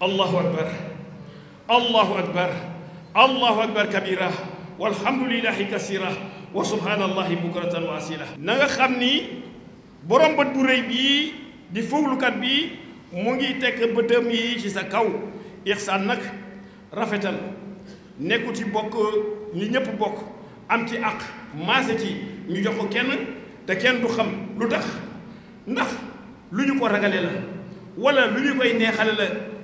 الله أكبر الله أكبر الله أكبر كبيرا والحمد لله كثيرة وسبحان الله بكرة وأصيلة نغا خامني بروم بات بو ري بي دي فوغلو كات بي موغي تك بتم يي سي سا كاو احسان نك رافتال نيكوتي بوك ني نيب بوك امتي اخ ماسيتي ني جوخو كين تا كين دو خم لوتاخ نخ لو نيو كو راغالي لا ولا لو نيو كاي نيهال لا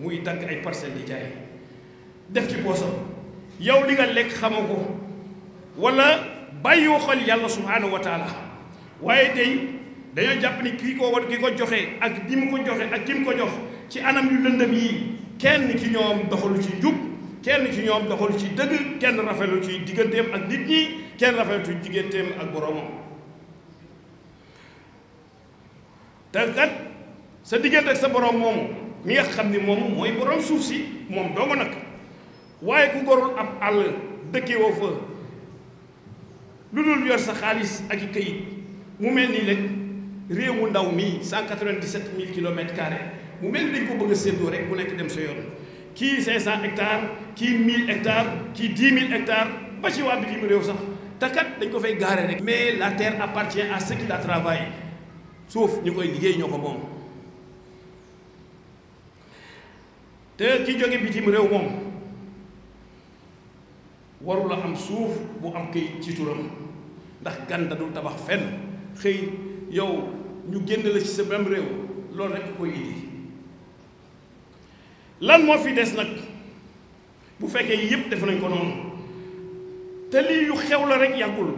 muy takk ay parcelles di jaay def ci poosam yow li nga lekk xamoo ko wala bàyyiwoo xel yàlla subhaanahu wa waaye tey dañoo jàpp ni kii ko war ki ko joxe ak bi mu ko joxe ak ki mu ko jox ci anam yu lëndëm yi kenn ci ñoom doxalu ci njub kenn ci ñoom doxalu ci dëgg kenn rafetlu ci digganteem ak nit ñi kenn rafetlu ci digganteem ak boroomam te kat sa diggante ak sa boroom moomu mi nga xam ne moom mooy borom suuf si moom dong nag waaye ku gorul ab àll dëkke woo fa lu dul yor sa xaalis ak i këyit mu mel nii rek réewu ndaw mii cent quatre-vingt-dix-sept mille kilomètres carrés mu mel ni dañ ko bëgg a séddoo rek ku nekk dem sa yoon kii cinq cent hectares kii mille hectares kii dix mille hectares ba ci waa bitim réew sax te kat dañ ko fay gaare rek mais la terre appartient à ceux qui la travaillent suuf ñu koy liggéey ñoo ko moom te ki jóge bitim réew moom warula am suuf bu am këyit ci turam ndax ganda dul tabax fenn xëy yow ñu génn la ci sa même réew loolu rekk ko indi lan moo fi des nag bu fekkee yépp def nañ ko noonu te lii yu xew la rekk yàggul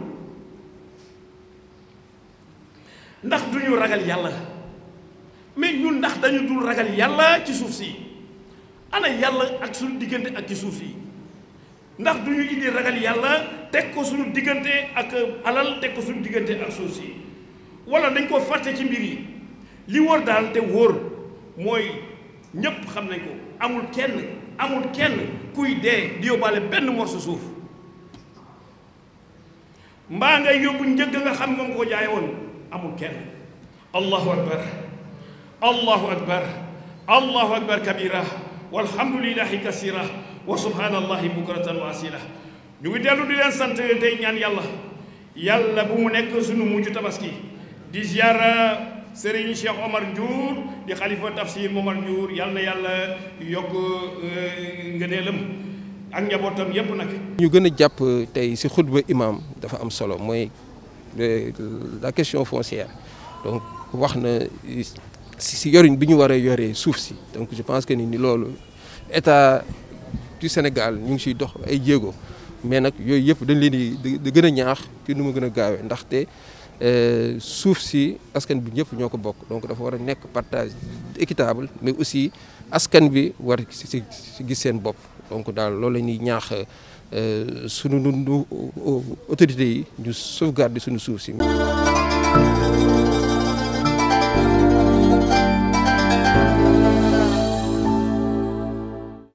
ndax du ñu ragal yàlla mais ñun ndax dañu dul ragal yàlla ci suuf si ana yàlla ak suñu diggante ak ci suuf si ndax du ñu indi ragal yàlla teg ko suñu diggante ak alal teg ko suñu diggante ak suuf si wala dañ koo fàtte ci mbir yi li wóor daal te wóor mooy ñépp xam nañ ko amul kenn amul kenn kuy dee di yóbbaale benn morso suuf mbaa ngay yóbbu njëgg nga xam nga ko jaay woon amul kenn allahu akbar allahu akbar allahu akbar kabira walhamdulilahi kasira wa subhanallahi bukratan wa asila ñu ngi dellu di leen sant tey ñaan yàlla yàlla bu mu nekk suñu mujj tabaski di ziara Serigne Cheikh Omar Ndiour di xalifa tafsir Momar Ndiour yàlla na yàlla yokk euh, ngëneelam ak njabootam yépp nag ñu gën a jàpp tey ci xutba imam dafa am solo mooy euh, la question foncière donc wax na si si yorin bi ñu war a yoree suuf si donc je pense que ni lolu état du Sénégal ñu ci dox ay jéego mais nak yoy yep dañ leen di di gën a ñaax ci nu mu gën a gaawee ndaxte euh, suuf si askan bi ñep ñoko bok donc dafa wara a nekk partage équitable mais aussi askan bi war ci si gis seen bopp donc dal lolu la ñuy ñaax euh, sunu nu autorités yi ñu sauvegarder suñu souf si.